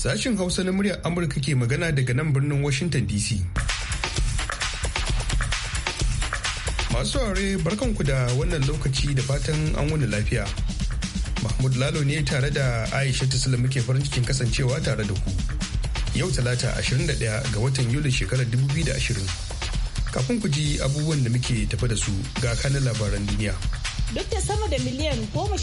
Sashin Hausa na muryar Amurka ke magana daga nan birnin Washington DC. Masu barkan barkanku da wannan lokaci da fatan an wani lafiya. Mahmud Lalo ne tare da Aisha Tisla muke farin cikin kasancewa tare da ku. Yau Talata 21 ga watan Yuli shekarar 2020. Kafin ku ji abubuwan da muke tafa da su ga kanin labaran duniya. duk da sama da miliyan goma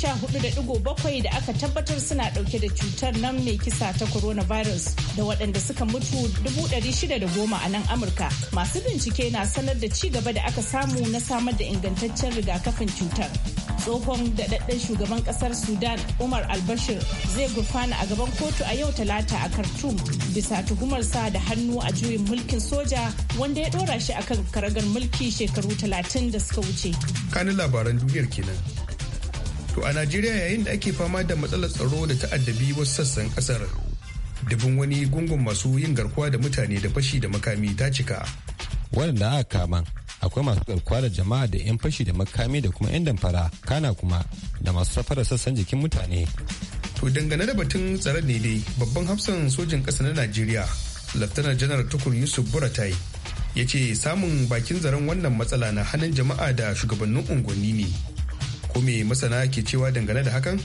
da aka tabbatar suna dauke da cutar nan mai kisa ta coronavirus da waɗanda suka mutu dubu ɗari shida da goma a nan amurka masu bincike na sanar da ci gaba da aka samu na samar da ingantaccen rigakafin cutar tsohon daɗaɗɗen shugaban ƙasar sudan umar albashir zai gurfana a gaban kotu a yau talata a khartoum bisa tuhumarsa da hannu a juyin mulkin soja wanda ya ɗora shi akan karagar mulki shekaru talatin da suka wuce kanin labaran duniyar kenan to a najeriya yayin da ake fama da matsalar tsaro da ta'addabi wasu sassan ƙasar dubin wani gungun masu yin garkuwa da mutane da fashi da makami ta cika waɗanda aka kama akwai masu garkuwa jama'a da 'yan fashi da makami da kuma 'yan damfara kana kuma da masu safarar sassan jikin mutane to dangane da batun tsaron ne dai babban hafsan sojin ƙasa na najeriya laftanar janar tukur yusuf buratai ya ce samun bakin zaren wannan matsala na hannun jama'a da shugabannin unguwanni ne ko me masana ke cewa dangane da hakan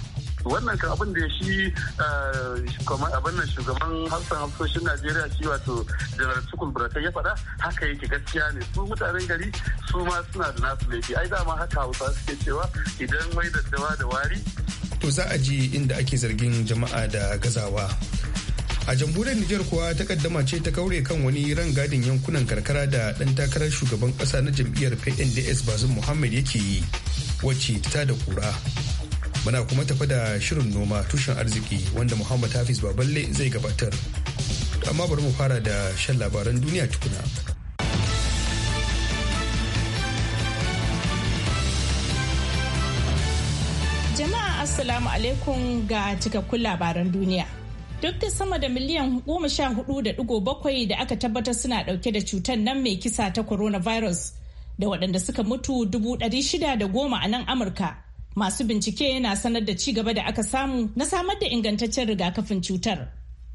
wannan ka abin da shi eh, abin nan shugaban hafsan hamsoshin najeriya shi wato janar sukul ya faɗa haka yake gaskiya ne su mutanen gari su ma suna da nasu laifi ai dama haka hausa suke cewa idan mai da da wari to za a ji inda ake zargin jama'a da gazawa a jamhuriyar Nijar kuwa takaddama ce ta kaure kan wani ran gadin yankunan karkara da ɗan takarar shugaban ƙasa na jam'iyyar PNDS bazin Muhammad yake yi wacce ta da kura Muna kuma tafi da shirin noma tushen arziki wanda Muhammad Hafiz Baballe zai gabatar. Amma bari mu fara da shan labaran duniya tukuna. Jama'a Assalamu alaikum ga cikakkun labaran duniya. Duk da sama da miliyan goma da bakwai da aka tabbatar suna dauke da cutar nan mai kisa ta coronavirus da waɗanda suka mutu dubu ɗari shida da goma a nan Amurka. Masu bincike na sanar da ci gaba da aka samu na samar da ingantaccen rigakafin cutar.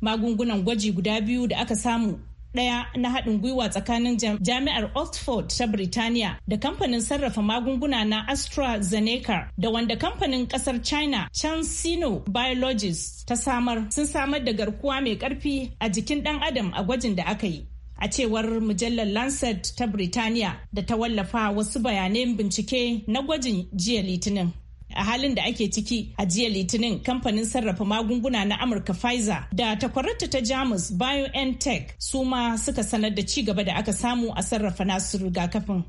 Magungunan gwaji guda biyu da aka samu ɗaya na haɗin gwiwa tsakanin jami'ar oxford ta Birtaniya da kamfanin sarrafa magunguna na AstraZeneca da wanda kamfanin ƙasar China CanSino Biologists ta samar sun samar da garkuwa mai ƙarfi a jikin ɗan adam a gwajin da aka yi. A cewar mujallar Lancet ta Birtaniya da ta wallafa wasu bayanan bincike na gwajin jiya Litinin. a halin da ake ciki a jiya litinin kamfanin sarrafa magunguna na amurka pfizer da takwararta ta jamus biontech su ma suka sanar da ci gaba da aka samu a sarrafa nasu rigakafin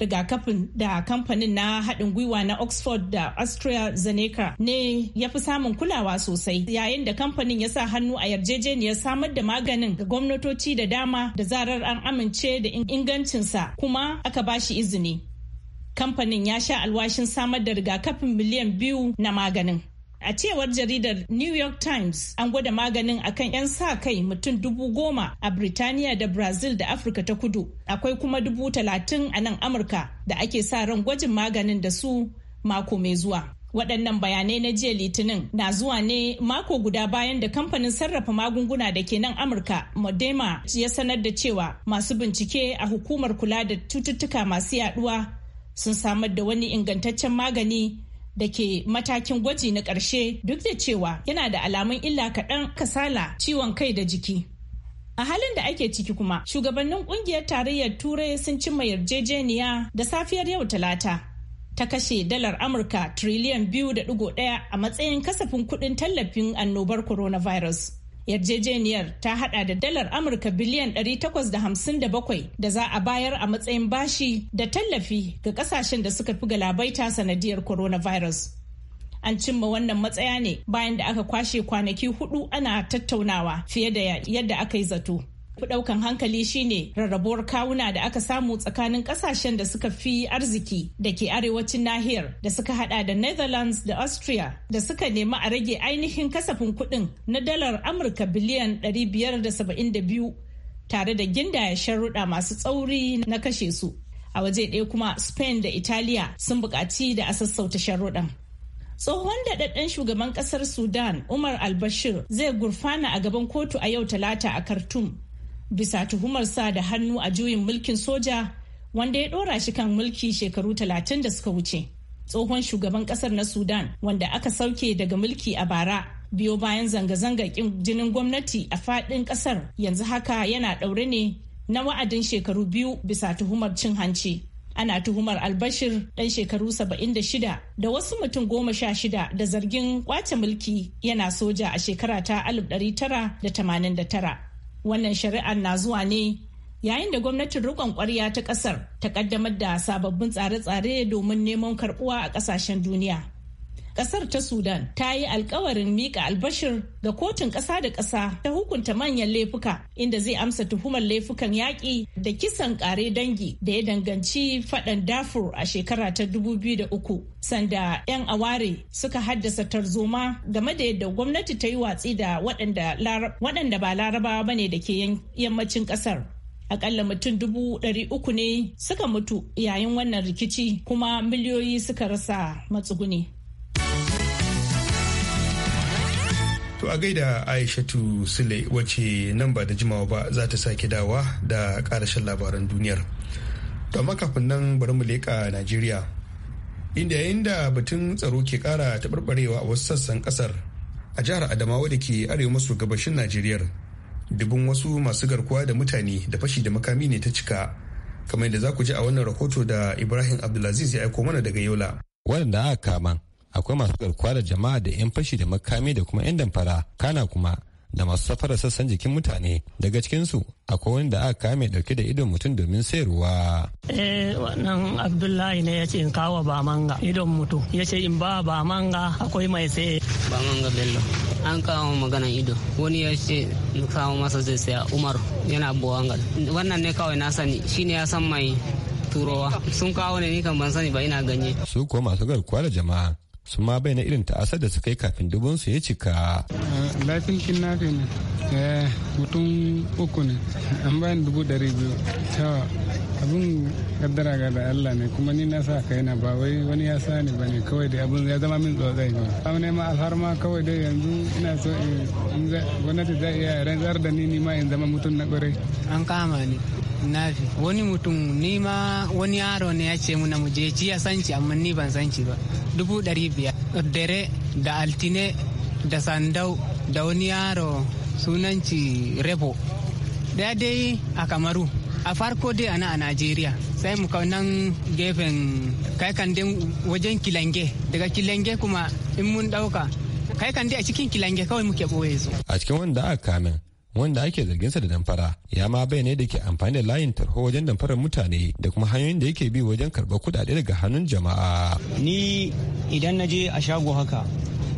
rigakafin da kamfanin na haɗin gwiwa na oxford da astrazeneca ne ya fi samun kulawa sosai yayin da kamfanin ya sa hannu a yarjejeniyar samar da maganin ga gwamnatoci da dama da zarar an amince da ingancinsa kuma aka bashi izini kamfanin ya sha alwashin samar da rigakafin miliyan biyu na maganin A cewar jaridar New York Times, an gwada maganin akan 'yan sa kai mutum dubu goma a Birtaniya da Brazil da Afirka ta kudu. Akwai kuma dubu talatin a nan Amurka da ake sa ran gwajin maganin da su mako mai zuwa. Waɗannan bayanai na jiya Litinin na zuwa ne mako guda bayan da kamfanin sarrafa magunguna da ke nan Amurka, Modema ya sanar da cewa masu bincike a hukumar kula da cututtuka masu yaduwa sun samar da wani ingantaccen magani da ke matakin gwaji na ƙarshe duk da cewa yana da alamun illa kaɗan kasala ciwon kai da jiki. A halin da ake ciki kuma, shugabannin ƙungiyar tarayyar Turai sun cimma yarjejeniya da safiyar yau Talata. Ta kashe dalar Amurka triliyan biyu da ɗigo ɗaya a matsayin kasafin kuɗin tallafin annobar coronavirus. yarjejeniyar ta hada da dalar amurka biliyan 857 da za a bayar a matsayin bashi da tallafi ga kasashen da suka fi galabaita sanadiyar coronavirus an cimma wannan matsaya ne bayan da aka kwashe kwanaki hudu ana tattaunawa fiye da yadda aka yi zato fi hankali shine rarrabuwar kawuna da aka samu tsakanin kasashen da suka fi arziki da ke arewacin nahiyar da suka hada da netherlands da austria da suka nemi a rage ainihin kasafin kudin na dalar amurka biliyan 572 tare da ginda gindaya sharuɗa masu tsauri na kashe su a waje ɗaya kuma spain da italiya sun buƙaci da a sassauta sharuɗan tsohon daɗaɗɗen shugaban ƙasar sudan umar albashir zai gurfana a gaban kotu a yau talata a khartoum bisa tuhumar sa da hannu a juyin mulkin soja wanda ya ɗora shi kan mulki shekaru talatin da suka wuce. Tsohon shugaban kasar na Sudan wanda aka sauke daga mulki a bara biyo bayan zanga-zanga ƙin jinin gwamnati a fadin kasar. yanzu haka yana daure ne na wa'adin shekaru biyu bisa tuhumar cin hanci. ana tuhumar albashir dan shekaru 76 da wasu mutum goma sha shida da zargin kwace mulki yana soja a shekara ta 1989 wannan shari'ar na zuwa ne yayin da gwamnatin rikon kwarya ta kasar ta kaddamar da sababbin tsare-tsare domin neman karbuwa a kasashen duniya kasar ta Sudan ta yi alkawarin mika albashir ga kotun kasa da kasa ta hukunta manyan laifuka inda zai amsa tuhumar laifukan yaƙi da kisan ƙare dangi da ya danganci faɗan dafur a shekara ta 2003 sanda 'yan aware suka haddasa tarzoma game da yadda gwamnati ta yi watsi da waɗanda ba larabawa bane da ke yammacin ƙasar. akalla mutum dubu ɗari uku ne suka mutu yayin wannan rikici kuma miliyoyi suka rasa matsuguni. To a gaida Aishatu Sule wace nan ba da jimawa ba za ta sake dawa da karashin labaran duniyar. To amma kafin nan bari mu leƙa Najeriya. Inda yayin da batun tsaro ke ƙara taɓarɓarewa a wasu sassan ƙasar a jihar Adamawa da ke arewa maso gabashin Najeriya. Dubun wasu masu garkuwa da mutane da fashi da makami ne ta cika. Kamar yadda za ku ji a wannan rahoto da Ibrahim Abdulaziz ya aiko mana daga Yola. Wanda aka kama akwai masu garkuwa da jama'a da 'yan fashi da makami da kuma 'yan damfara kana kuma da masu safarar sassan jikin mutane daga cikinsu akwai wanda aka kame dauke da idon mutum domin sayarwa. eh wannan abdullahi ne ya ce in kawo ba manga idon mutum ya ce in ba ba manga akwai mai saye ba manga bello an kawo magana ido wani ya ce in kawo masa zai saya umar yana buwangal wannan ne kawai na sani shine ya san mai turowa sun kawo ne ni kan ban sani ba ina ganye su kuma masu garkuwa da jama'a sun ma bayyana irin ta'asar da suka yi kafin dubun su ya cika. na kidnapping ne, eh, mutum uku ne, an bayan dubu dari biyu. abin kaddara ga da Allah ne kuma ni na sa ka yana ba wai wani ya sa ni bane kawai dai abin ya zama min tsotsai ne amma ne ma alharma kawai dai yanzu ina so in gwamnati za iya rantsar da ni ni ma in zama mutum na kwarai an kama ni nafi wani mutum nima wani yaro ne ya ce muna muje ji ya sanci amma ni ban sanci ba dubu ɗari biyar dare da altine da sandau da wani yaro sunanci rebo daya dai a kamaru a farko dai ana a najeriya sai mu nan gefen kai kan wajen kilange daga kilange kuma in mun dauka kai kan a cikin kilange kawai muke boye su a cikin wanda aka kamen wanda ake zarginsa da damfara ya ma bayyana da ke amfani da layin tarho wajen damfarar mutane da kuma hanyoyin da yake bi wajen karɓar kuɗaɗe daga hannun jama'a. Ni idan na je a shago haka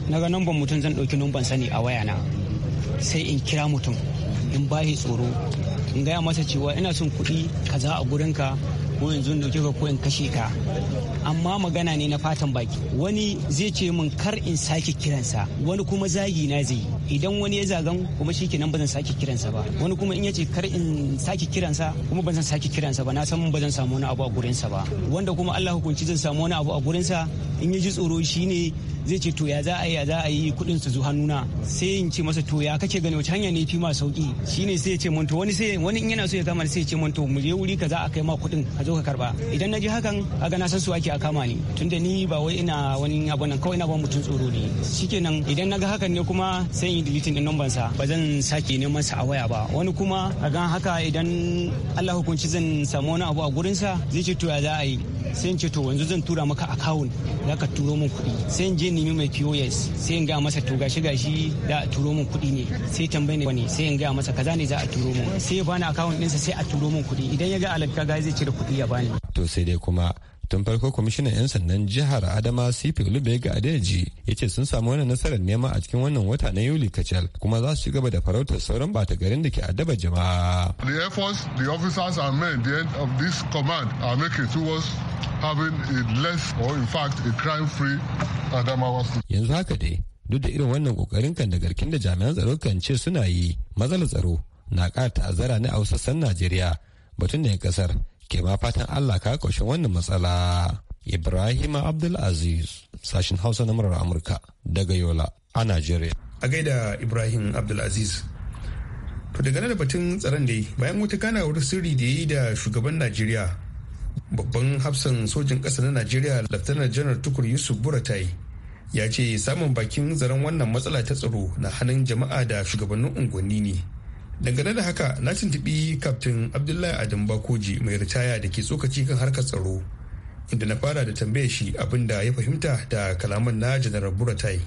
na ga numban mutum zan ɗauki numban sani a wayana sai in kira mutum in ba shi tsoro in gaya masa cewa ina son kuɗi kaza a gurinka ko yanzu ɗauke ka ko in kashe ka amma magana ne na fatan baki wani zai ce min kar in sake kiransa wani kuma zagi na zai idan wani ya zagan kuma shi kenan ba zan sake kiransa ba wani kuma in ya ce kar in sake kiransa kuma bazan zan sake kiransa ba na san ba zan samu wani abu a gurinsa ba wanda kuma Allah hukunci zan samu wani abu a gurinsa in ya ji tsoro ne zai ce to ya za a yi ya za a yi kudin su zu hannuna sai in ce masa to ya kake gani wace hanya ne fi ma sauki shine sai ya ce mun to wani sai wani in yana so ya kama sai ya ce mun to mu je wuri kaza a kai ma kudin ka zo ka karba idan na ji hakan ga na san su ake a kama ni tunda ni ba wai ina wani abu nan kawai ina ba mutum tsoro ne shikenan idan naga hakan ne kuma sai in deleting din number sa ba zan sake neman sa a waya ba wani kuma a gan haka idan Allah hukunci zan samu wani abu a gurin sa zai ce to ya za a yi sai in ce to yanzu zan tura maka account za ka turo min kuɗi sai in je nemi mai POS sai in ga masa to gashi gashi za a turo min kuɗi ne sai tambaye ne wani sai in ga masa kaza ne za a turo min sai ya bani account ɗinsa sai a turo min kuɗi idan ya ga alatta ga zai cire kuɗi ya bani to sai dai kuma tun farko kwamishinan 'yan sandan jihar adama sifi olubega adeji ya ce sun samu wani nasarar nema a cikin wannan wata na yuli kacal kuma za su ci gaba da farautar sauran bata garin da ke addaba jama'a the efforts the officers and men the end of this command are making towards having a less or in fact a crime free adamawa yanzu haka dai duk da irin wannan kokarin kan da garkin da jami'an tsaro kan ce suna yi matsalar tsaro na ƙara ta'azzara ne a sassan najeriya batun da ya kasar ke ma fatan Allah ka ƙoshin wannan matsala. Ibrahim Abdulaziz, sashen Hausa na murar Amurka daga Yola a Najeriya. A gaida Ibrahim Abdulaziz. To daga da batun tsaron da yi bayan wata wurin sirri da ya yi da shugaban Najeriya. Babban hafsan sojin ƙasa na Najeriya Laftanar Janar Tukur Yusuf Buratai ya ce samun bakin zaren wannan matsala ta tsaro na hannun jama'a da shugabannin unguwanni ne. dangane da haka na tuntubi kaftin abdullahi adam bakoji mai ritaya da ke tsokaci kan harkar tsaro inda na fara da tambaye shi abin da ya fahimta da kalaman na janar buratai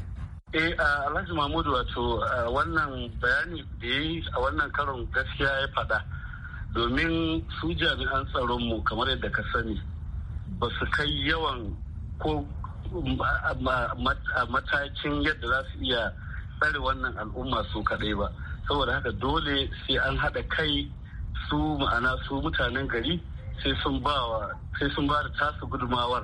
eh alhaji mahmudu wato wannan bayani da ya yi a wannan karon gaskiya ya faɗa domin su jami'an tsaronmu kamar yadda ka sani ba su kai yawan ko matakin yadda za su iya tsare wannan al'umma su kadai ba saboda haka dole sai an haɗa kai su ma'ana su mutanen gari sai sun ba sai da tasu gudumawar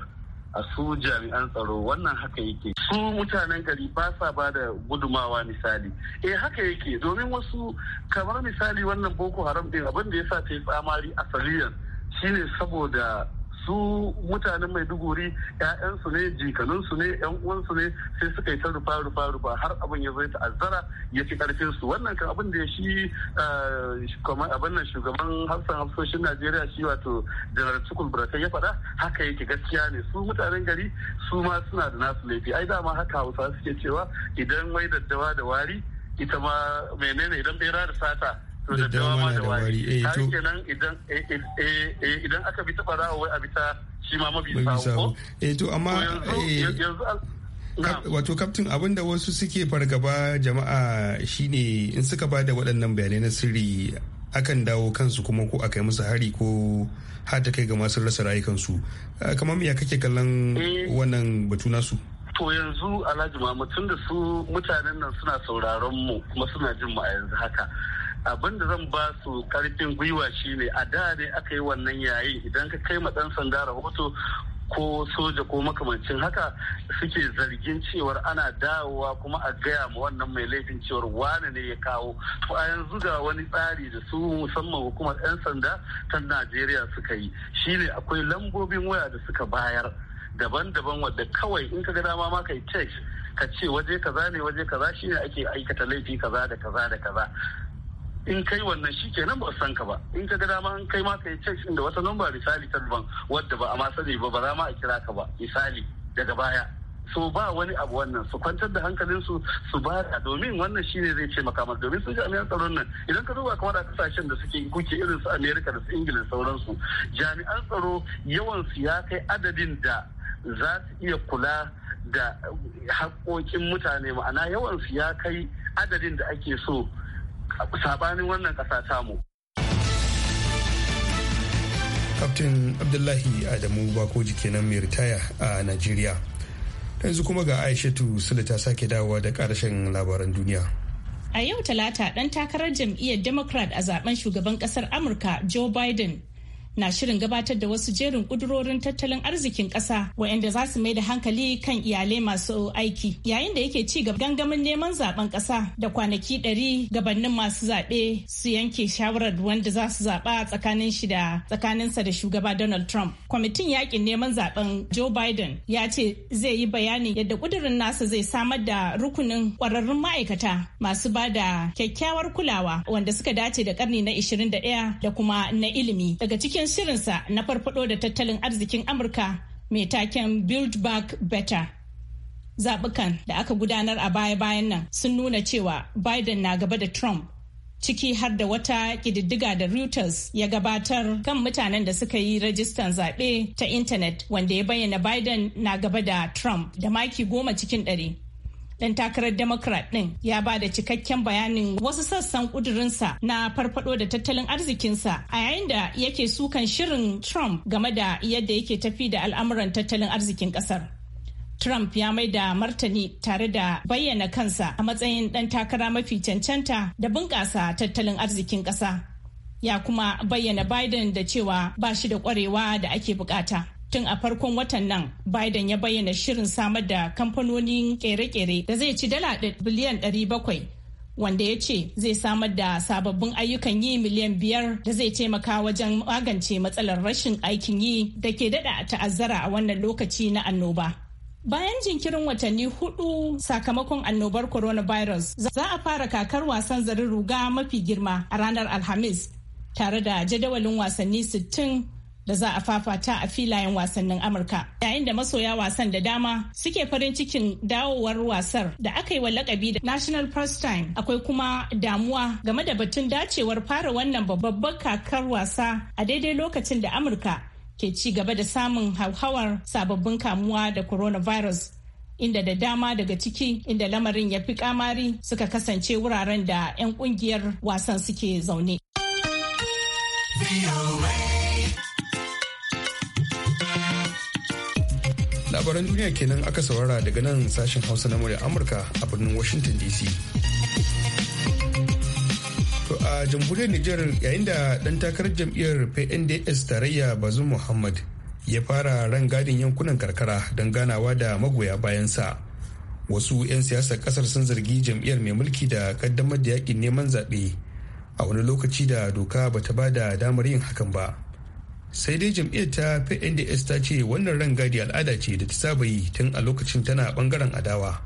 a su jami'an tsaro wannan haka yake su mutanen gari ba sa ba da gudumawa misali eh haka yake domin wasu kamar misali wannan boko haram ɗin abin da ya sa ta yi tsamari a saliyan shine saboda su mutanen maiduguri ‘ya'yansu ne su ne ‘yan uwansu ne sai suka yi ta rufa rufa rufa har abin ya zo ta'azzara ya fi karfin su wannan kan abin da ya shi eh, abin nan shugaban hafsan hafsoshin najeriya shi wato janar cikul buratai ya faɗa haka yake gaskiya ne su mutanen gari su ma suna da nasu laifi ai dama haka hausa suke cewa idan mai daddawa da wari ita ma menene idan bera da sata da dama da wari eh to eh, eh, eh, idan aka bi ta wai a bita shi ma mabi sawo eh to amma wato kaftin abin da wasu suke fargaba jama'a shine in suka ba da waɗannan bayanai na sirri akan dawo kansu kuma ko aka yi musu hari ko har kai ga masu rasa rayukansu ah, kamar me ya kake kallon wannan batu nasu to yanzu alhaji mamu tun da su mutanen nan suna sauraron mu kuma suna jin mu a yanzu haka abin da zan ba su karfin gwiwa shine a da ne aka yi wannan yayin idan ka kai ma dan sanda rahoto ko soja ko makamancin haka suke zargin cewar ana dawowa kuma a gaya ma wannan mai laifin cewar wane ne ya kawo to a yanzu ga wani tsari da su musamman hukumar 'yan sanda ta najeriya suka yi shine akwai lambobin waya da suka bayar daban-daban wadda kawai in ka ga dama ma kai text ka ce waje kaza ne waje kaza shine ake aikata laifi kaza da kaza da kaza in kai wannan shi kenan ba san ka ba in ka ga dama an kai ma kai check da wata lamba misali ta ban wadda ba a ma sani ba ba za ma a kira ka ba misali daga baya so ba wani abu wannan su kwantar da hankalinsu su ba da domin wannan shine zai ce makamar domin sun jami'an tsaron nan idan ka duba kamar a kasashen da suke kuke irin su america da su ingila sauransu jami'an tsaro yawan su ya kai adadin da za su iya kula da haƙoƙin mutane ma'ana yawan su ya kai adadin da ake so sabanin wannan ƙasa tamu. Kaftin Abdullahi Adamu Bakoji kenan mai ritaya a Najeriya. Yanzu kuma ga Aishatu Sule ta sake dawowa da ƙarshen labaran duniya. A yau talata ɗan takarar jam'iyyar Democrat a zaben shugaban ƙasar Amurka Joe Biden na shirin gabatar da wasu jerin kudurorin tattalin arzikin ƙasa waɗanda za su mai da hankali kan iyalai masu aiki yayin da yake ci gaba gangamin neman zaben kasa da kwanaki ɗari gabanin masu zaɓe su yanke shawarar wanda za su zaɓa tsakanin shi da tsakaninsa da shugaba Donald Trump. Kwamitin yakin neman zaben Joe Biden ya ce zai yi bayani yadda kudurin nasa zai samar da rukunin kwararrun ma'aikata masu ba da kyakkyawar kulawa wanda suka dace da karni na 21 da kuma na ilimi daga cikin cikin shirinsa na farfado da tattalin arzikin Amurka mai taken Build Back Better. Zaɓukan da aka gudanar a baya-bayan nan sun nuna cewa Biden na gaba da Trump ciki har da wata ƙididdiga da Reuters ya gabatar kan mutanen da suka yi rajistan zaɓe ta intanet wanda ya bayyana Biden na gaba da Trump da maki goma cikin ɗari. dan takarar democrat din ya ba da cikakken bayanin wasu sassan kudurinsa na farfado da tattalin arzikinsa a yayin da yake sukan shirin trump game da yadda yake tafi da al'amuran tattalin arzikin kasar Trump ya mai da martani tare da bayyana kansa a matsayin ɗan takara mafi cancanta da bunƙasa tattalin arzikin ƙasa. Ya kuma bayyana Biden da cewa ba shi da kwarewa da ake bukata. tun a farkon watan nan biden ya bayyana shirin samar da kamfanonin kere-kere da zai ci dala biliyan 700 wanda ya ce zai samar da sababbin ayyukan yi miliyan biyar da zai taimaka wajen magance matsalar rashin aikin yi da ke dada ta'azzara a wannan lokaci na annoba. Bayan jinkirin watanni hudu sakamakon annobar coronavirus za a fara kakar wasan zarin ruga mafi girma a ranar Alhamis tare da jadawalin wasanni sittin. da za a fafata a filayen wasannin Amurka. Yayin da masoya wasan da dama suke farin cikin dawowar wasar da aka yi wa lakabi da National First Time. Akwai kuma damuwa game da batun dacewar fara wannan babbar kakar wasa a daidai lokacin da Amurka ke ci gaba da samun hauhawar sababbin kamuwa da coronavirus. Inda da dama daga ciki inda lamarin ya fi kamari suka kasance wuraren da 'yan kungiyar wasan suke zaune. labaran duniya kenan aka saurara daga nan sashen hausa na murya amurka a birnin washington dc a jamhuriyar niger yayin da dan takarar jam'iyyar pnds tarayya bazum muhammad ya fara ran gadin yankunan karkara don ganawa da magoya bayansa wasu 'yan siyasar kasar sun zargi jam'iyyar mai mulki da kaddamar da yakin neman zaɓe a wani lokaci da doka bata ba da damar yin hakan ba sai dai jam'iyyar ta pnds ta ce wannan rangadi al'ada ce da ta saba yi tun a lokacin tana bangaren adawa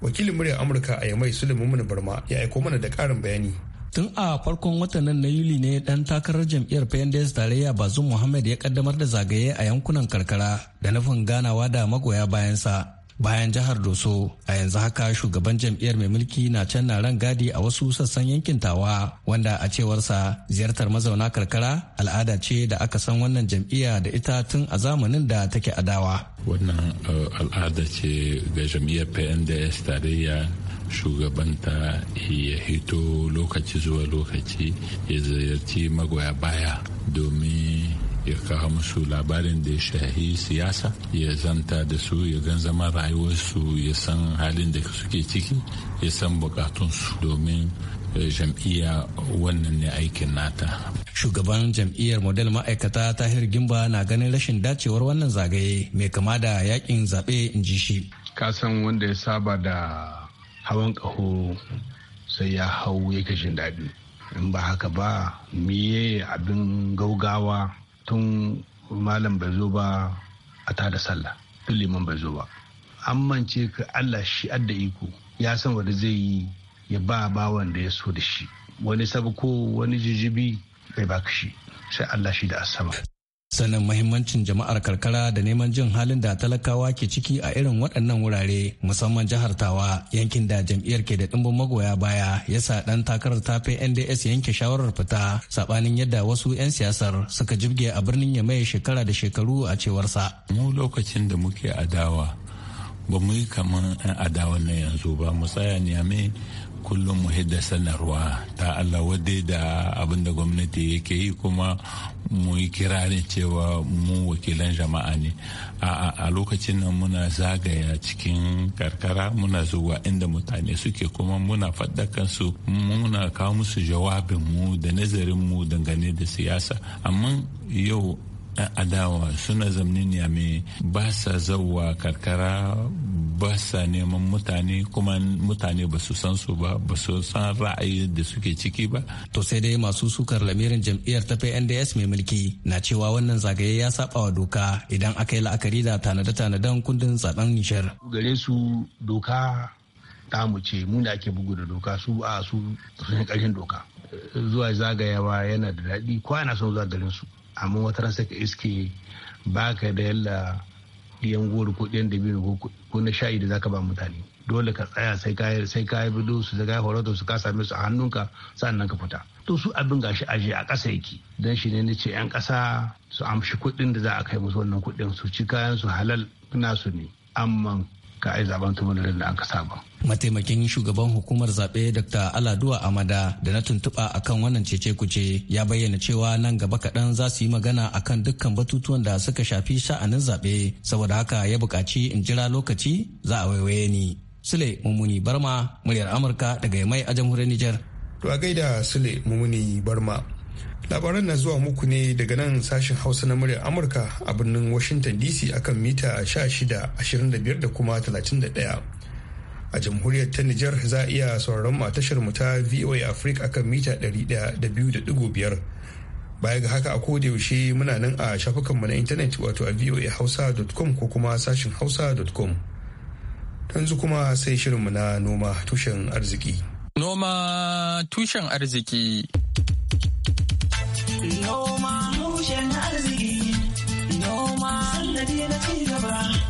wakilin muryar amurka a yamai sulemumin barma ya aiko mana da karin bayani tun a farkon watan na yuli ne dan takarar jam'iyyar pnds tarayya bazum muhammad ya kaddamar da zagaye a yankunan karkara da nufin ganawa da magoya bayansa bayan jihar doso a yanzu haka shugaban jam'iyyar mai mulki na can na ran gadi a wasu sassan yankin tawa wanda a cewarsa ziyartar mazauna karkara al'ada ce da aka san wannan jam'iyya da ita tun a zamanin da take adawa wannan uh, al'ada ce ga jam'iyyar pnds tarayya shugabanta ya hito lokaci zuwa lokaci ya ziyarci magoya baya domin ya kawo musu labarin da ya shahi siyasa ya zanta da su ya gan zama rayuwarsu ya san halin da suke ciki ya san bukatunsu domin eh, jam'iyya wannan ne aikin nata. Shugaban jam'iyyar model ma'aikata Tahir Gimba na ganin rashin dacewar wannan zagaye mai kama da yakin zaɓe in ji shi. Kasan wanda ya saba da hawan ƙaho sai ya hau yake jin daɗi. In ba haka ba miye abin gaugawa tun malam bai zo ba a tada sallah tun liman bai zo ba an mance ka allah shi adda iko ya san wanda zai yi ya ba bawan da ya so da shi wani sabko wani jijibi bai baka shi sai allah shi da asama sanin mahimmancin jama'ar karkara da neman jin halin da talakawa ke ciki a irin waɗannan wurare musamman jihar tawa yankin da jam'iyyar ke da ɗimbin magoya baya ya sa ɗan takarar ta fi nds yanke shawarar fita saɓanin yadda wasu 'yan siyasar suka jibge a birnin ya maye shekara da shekaru a cewarsa. mu lokacin da muke adawa ba mu yi kamar 'yan adawa na yanzu ba mu tsaya ne kullum mu hidda sanarwa ta Allah wadda da abin da gwamnati yake yi kuma mu yi kirarin cewa mu wakilan jama'a ne a lokacin nan muna zagaya cikin karkara muna zuwa inda mutane suke kuma muna faddakan su muna kawo musu jawabin mu da nazarin mu dangane da siyasa amma yau 'yan adawa suna ne mai ba sa zauwa karkara ba sa neman mutane kuma mutane ba su san su ba ba su san ra'ayi da suke ciki ba. To sai dai masu sukar lamirin jam'iyyar ta PNDS mai mulki na cewa wannan zagaye ya saba wa doka idan aka yi la'akari da tanade-tanaden kundin zaben nishar. Gare su doka mu ce mu da ake bugu da doka su a su sun karshen doka. Zuwa zagayawa yana da daɗi kwana yana son zuwa garin su. amma wata ran ka iske baka da yalla yan goro ko ɗiyan dabino ko na sha'i da zaka ba mutane dole ka tsaya sai ka sai ka yi bido su zaga horoto su ka same su a hannunka sannan ka fita to su abin gashi aje a ƙasa yake dan shi ne nace yan ƙasa su amshi kuɗin da za a kai musu wannan kuɗin su ci kayan su halal na su ne amma ka ai zaben tumarin da an ka saba mataimakin shugaban hukumar zaɓe dr aladuwa amada da na tuntuɓa akan wannan cece kuce ya bayyana cewa nan gaba kaɗan za su yi magana akan dukkan batutuwan da suka shafi sha'anin zaɓe saboda haka ya buƙaci in jira lokaci za a waiwaye ni sule mummuni barma muryar amurka daga mai a jamhuriyar niger to a gaida sule mummuni barma labaran na zuwa muku ne daga nan sashen hausa na muryar amurka a birnin washington dc akan mita 16 25 da kuma 31 a jamhuriyar ta Nijar za a iya sauraron tashar mu ta VOA Africa akan mita 100.5 baya ga haka a koda yaushe muna nan a mu na intanet wato a voahausa.com ko kuma sashin hausa.com yanzu kuma sai shirin mu na noma tushen arziki noma tushen arziki noma tushen arziki noma na ci gaba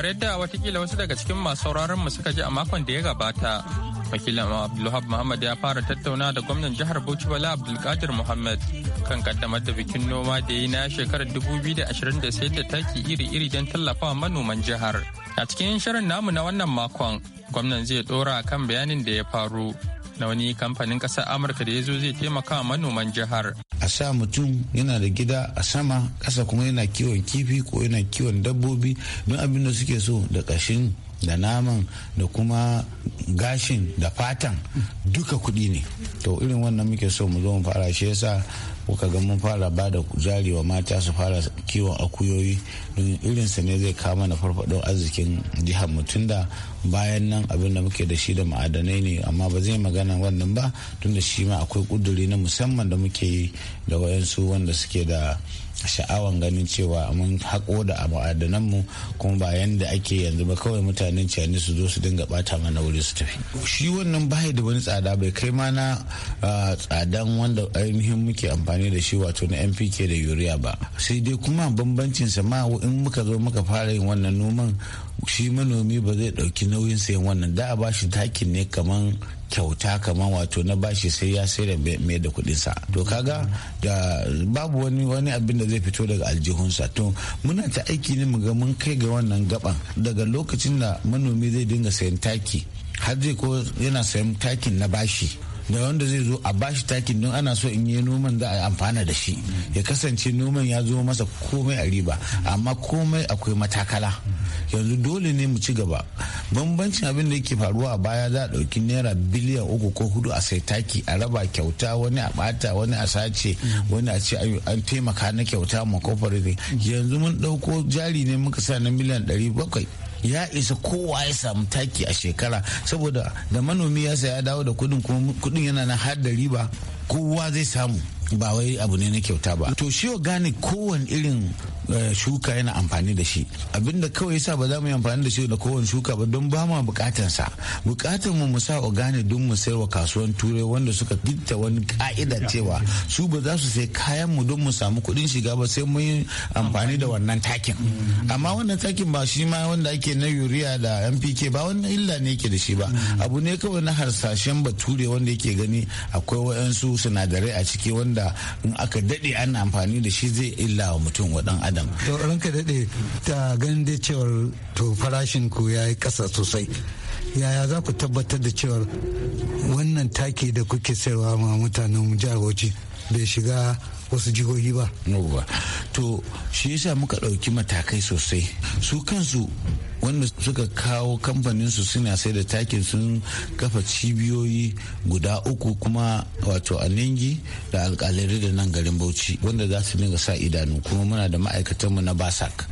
kamar yadda watakila wasu daga cikin masu sauraron mu suka ji a makon da ya gabata wakilin abdulhab muhammad ya fara tattauna da gwamnan jihar bauchi bala abdulkadir muhammad kan kaddamar da bikin noma da ya yi na shekarar 2020 da sayar da taki iri-iri don tallafawa manoman jihar a cikin shirin namu na wannan makon gwamnan zai dora kan bayanin da ya faru na wani kamfanin ƙasar amurka da ya zo zai taimaka manoman jihar a sa mutum yana da gida a sama ƙasa kuma yana kiwon kifi ko yana kiwon dabbobi don abin da suke so da ƙashin da naman da kuma gashin da fatan duka kuɗi ne to irin wannan muke so mu zo mu fara shi yasa kuka ga mun fara ba da jari wa mata su fara kiwon akuyoyi don irinsa ne zai kama na farfadon arzikin jihar mutum da bayan nan abin da muke da shi da ma'adanai ne amma ba zai magana wannan ba tun da shi ma akwai kuduri na musamman da muke yi da wayansu wanda suke da sha'awan ganin cewa mun haƙo da mu kuma ba yanda ake yanzu ba kawai mutanen cani su zo su dinga bata mana wuri su tafi shi wannan bai da wani tsada bai kai ma na tsadan wanda ainihin muke amfani da shi wato na mpk da yuriya ba sai dai kuma bambancin sa ma in muka zo muka fara yin wannan noman shi manomi ba zai ɗauki nauyin sayan wannan da a ba takin ne kaman kyauta kamar wato na bashi sai ya sai da mai da kuɗinsa to kaga da babu wani wani abin da zai fito daga aljihunsa to muna ta aiki ne mu ga mun kai ga wannan gaban daga lokacin da manomi zai dinga sayan taki har zai ko yana sayan takin na bashi da wanda zai zo a bashi takin don ana so in yi noman za a amfana da shi ya kasance noman ya zo masa komai a riba amma komai akwai matakala yanzu dole ne mu ci gaba bambancin abin da yake faruwa a baya za a ɗauki naira biliyan uku ko hudu a sai taki a raba kyauta wani a bata wani a sace wani a ce an taimaka na kyauta ma kofar yanzu mun ɗauko jari ne muka sa na miliyan ɗari bakwai ya isa kowa ya samu taki a shekara saboda da manomi ya saya dawo da kudin kudin yana na har da riba kowa zai samu ba wai abu ne na kyauta ba to shi organic kowane irin eh, shuka yana amfani da shi abinda kawai yasa ba za mu yi amfani da shi da kowane shuka ba don ba ma bukatansa bukatan mu sa organic don mu sayarwa kasuwan turai wanda suka dikta wani ka'ida cewa su ba za su sai kayan mu don mu samu kuɗin shiga ba sai mun yi amfani da wannan takin hmm. amma wannan takin ba shi ma wanda ake na urea da mpk ba wannan illa ne yake da shi ba hmm. abu ne kawai na harsashen bature wanda yake gani akwai waɗansu sinadarai a ciki wanda wanda in aka daɗe ana amfani da shi zai illa wa mutum wa dan adam. to ranka daɗe ta ganin dai cewar to farashin ku ya yi ƙasa sosai yaya za ku tabbatar da cewar wannan take da kuke sayarwa ma mutanen jihar bauchi bai shiga wasu jihohi ba. to shi yasa muka ɗauki matakai sosai su kansu wanda suka kawo su suna sai da takin sun kafa cibiyoyi guda uku kuma wato a ningi da alkalari da nan garin bauchi wanda za su dinga sa idanu kuma muna da ma'aikatanmu na basak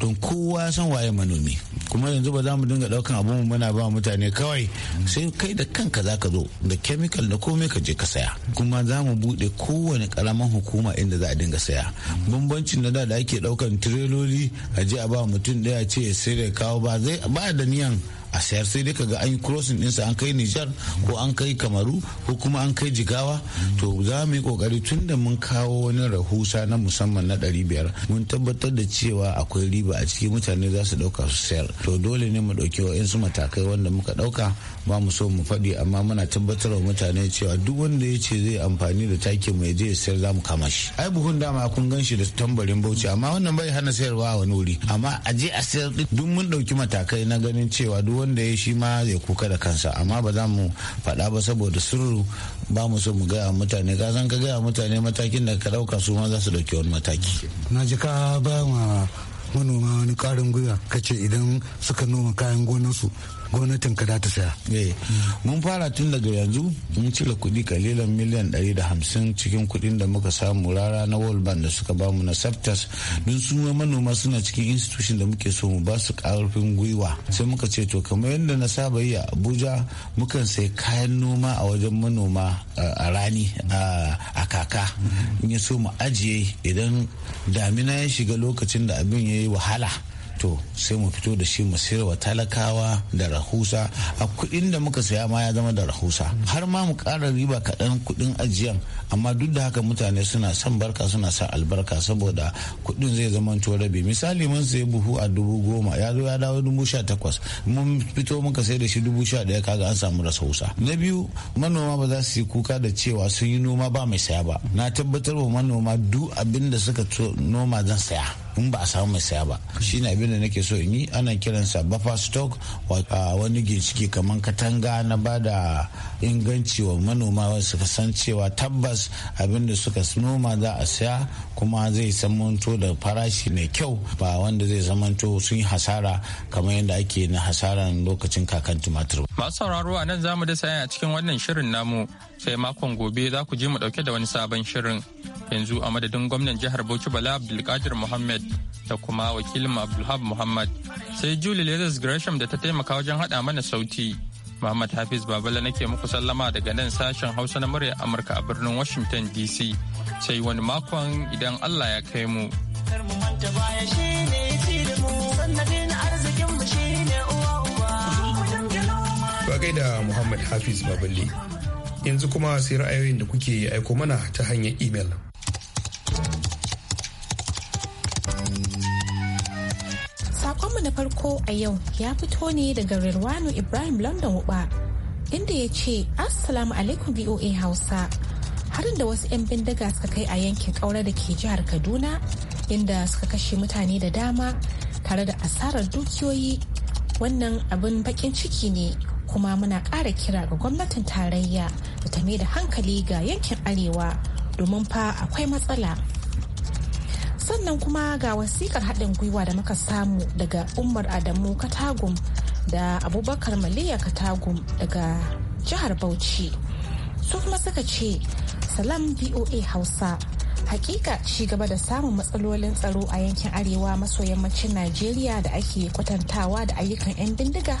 don kowa san waye manomi kuma yanzu ba za mu dinga daukan abun muna ba mutane kawai sai kai da kanka za ka zo da kemikal da komai ka je ka saya kuma za mu bude kowane karaman hukuma inda za a dinga saya bambancin na da da ake daukan tireloli a je a ba mutum daya ce ya sai da kawo ba zai ba da niyan a sayar sai dai kaga an yi crossing ɗinsa an kai Nijar ko an kai Kamaru ko kuma an kai Jigawa to za mu yi kokari tun da mun kawo wani rahusa na musamman na ɗari biyar mun tabbatar da cewa akwai riba a ciki mutane za su ɗauka su sayar to dole ne mu ɗauki su matakai wanda muka ɗauka ba mu so mu faɗi amma muna tabbatar wa mutane cewa duk wanda ya ce zai amfani da takin mai je ya sayar za mu kama shi ai buhun dama kun gan shi da tambarin bauchi amma wannan bai hana sayarwa a wani wuri amma a je a sayar duk mun ɗauki matakai na ganin cewa duk da ya shi ma zai kuka da kansa amma ba za mu faɗa ba saboda sirru ba mu so mu gaya mutane ka san ka gaya mutane matakin da ka ɗauka su ma za su ɗauki wani mataki. na ji ka ba ma manoma wani karin gwiwa ka ce idan suka noma kayan gonarsu gwamnatin ka ta saya eh, mun fara tun daga yanzu mun cire kuɗi kalilan miliyan hamsin cikin kuɗin da muka samu rara na world bank da suka ba mu na saftas don su manoma suna cikin institution da muke so mu ba su karfin gwiwa sai muka ce to kamar yadda na saba yi a abuja mukan sai kayan noma a wajen manoma eh, a rani eh, a kaka in ya so mu ajiye idan damina ya shiga lokacin da abin ya yi wahala to sai mu fito da shi mu wa talakawa da rahusa a kuɗin da muka saya ma ya zama da rahusa har ma mu kara riba kaɗan kuɗin ajiyan amma duk da haka mutane suna son barka suna son albarka saboda kuɗin zai zama rabi misali mun sayi buhu a dubu goma ya zo ya dawo dubu sha takwas mun fito muka sai da shi dubu sha ɗaya kaga an samu rahusa na biyu manoma ba za su yi kuka da cewa sun yi noma ba mai saya ba na tabbatar wa manoma duk abin da suka noma zan saya in ba a samu mai saya ba shi shine abin da nake so in yi ana kiransa buffer stock wani ginshiki kamar katanga na ba da inganci wa manoma suka san cewa tabbas abin da suka noma za a saya kuma zai samanto da farashi mai kyau ba wanda zai zamanto sun yi hasara kamar yadda ake na hasaran lokacin kakan tumatir. masu sauraro a nan zamu da saya a cikin wannan shirin namu sai makon gobe za ku je mu dauke da wani sabon shirin yanzu a madadin gwamnan jihar bauchi bala abdulkadir muhammad da kuma wakilin abdulhab muhammad sai julie lezis gresham da ta taimaka wajen hada mana sauti muhammad hafiz babala nake muku sallama daga nan sashen hausa na murya amurka a birnin washington dc sai wani makon idan allah ya kai mu. Ba da Muhammad Hafiz Baballe. yanzu kuma sai ra'ayoyin da kuke aiko mana ta hanyar imel. Sakonmu na farko a yau ya fito ne daga Rirwanu Ibrahim London Uba inda ya ce Assalamu alaikum VOA Hausa. Harin da wasu 'yan bindiga suka kai a yankin ƙaura da ke jihar Kaduna inda suka kashe mutane da dama tare da asarar dukiyoyi wannan abin bakin ciki ne kuma muna ƙara kira ga gwamnatin tarayya da ta da hankali ga yankin arewa domin fa akwai matsala sannan kuma ga wasikar haɗin gwiwa da muka samu daga umar adamu katagum da abubakar maliya katagum daga jihar bauchi su kuma suka ce salam voa hausa hakika ci gaba da samun matsalolin tsaro a yankin arewa maso yammacin najeriya da ake kwatantawa da ayyukan 'yan bindiga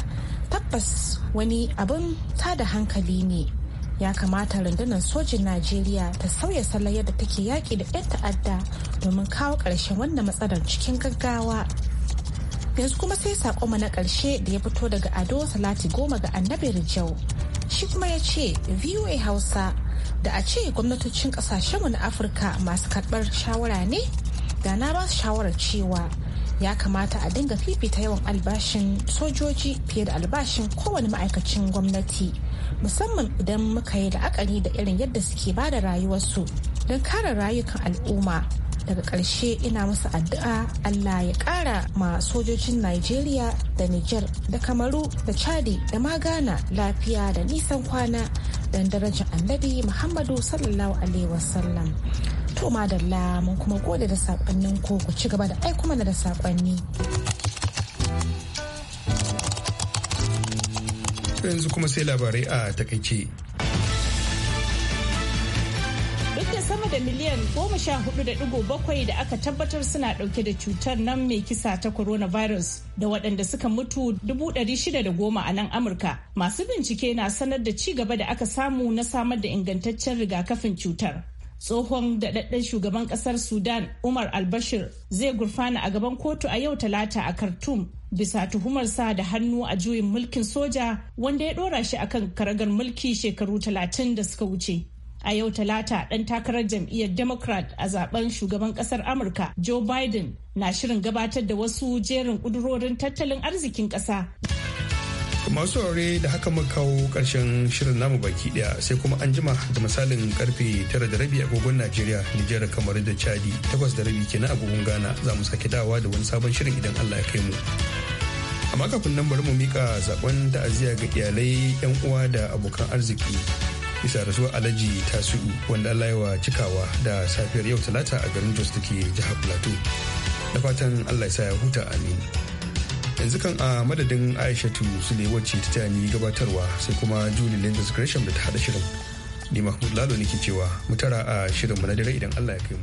tabbas wani abin tada hankali ne ya kamata rundunar sojin najeriya ta sauya salon yadda take yaki da 'yan ta'adda domin kawo ƙarshen wannan matsalar cikin gaggawa yanzu kuma sai sakonmu na ƙarshe da ya fito daga ado salati goma ga annabi rijau shi kuma ya ce voa hausa da a ce gwamnatocin ƙasashenmu na afirka masu karɓar shawara ne da na ba su shawarar cewa ya kamata a dinga fifita yawan albashin sojoji fiye da albashin kowane ma'aikacin gwamnati musamman idan muka yi la'akari da irin yadda suke ba da rayuwarsu don kare rayukan al'umma daga ƙarshe ina musu addu'a Allah ya ƙara ma sojojin nigeria da niger da Kamaru da Chadi da Magana lafiya da nisan kwana don darajar annabi Muhammadu sallallahu alaihi wasallam. To madalla mun kuma gode da sakonnin ku ku ci gaba da aiko mana da sakonni. Yanzu kuma sai labarai a takaice. Duk da sama da miliyan goma sha hudu da digo bakwai da aka tabbatar suna dauke da cutar nan mai kisa ta coronavirus da waɗanda suka mutu dubu ɗari shida da goma a nan Amurka. Masu bincike na sanar da ci gaba da aka samu na samar da ingantaccen rigakafin cutar. tsohon daɗaɗɗen shugaban ƙasar sudan umar albashir zai gurfana a gaban kotu a yau talata a khartoum bisa tuhumar sa da hannu a juyin mulkin soja wanda ya ɗora shi akan karagar mulki shekaru talatin da suka wuce a yau talata ɗan takarar jam'iyyar democrat a zaben shugaban ƙasar amurka joe biden na shirin gabatar da wasu jerin ƙudurorin tattalin arzikin ƙasa masu aure da haka muka kawo karshen shirin namu baki daya sai kuma an jima da misalin karfe tara da rabi agogon najeriya nijar kamar da chadi takwas da rabi kenan agogon ghana za mu sake dawa da wani sabon shirin idan allah ya kai mu amma kafin nan bari mu mika sakon ta'aziyya ga iyalai yan uwa da abokan arziki bisa rasuwar alhaji tasu'u wanda allah ya cikawa da safiyar yau talata a garin jos da ke jihar plateau na fatan allah ya sa ya huta amin yanzu kan a madadin aishatu ne wacce ta tani gabatarwa sai kuma Juli, linda gresham da ta hada shirin ni mahmud lalo ne ke cewa mutara a shirinmu na dare idan allah ya kai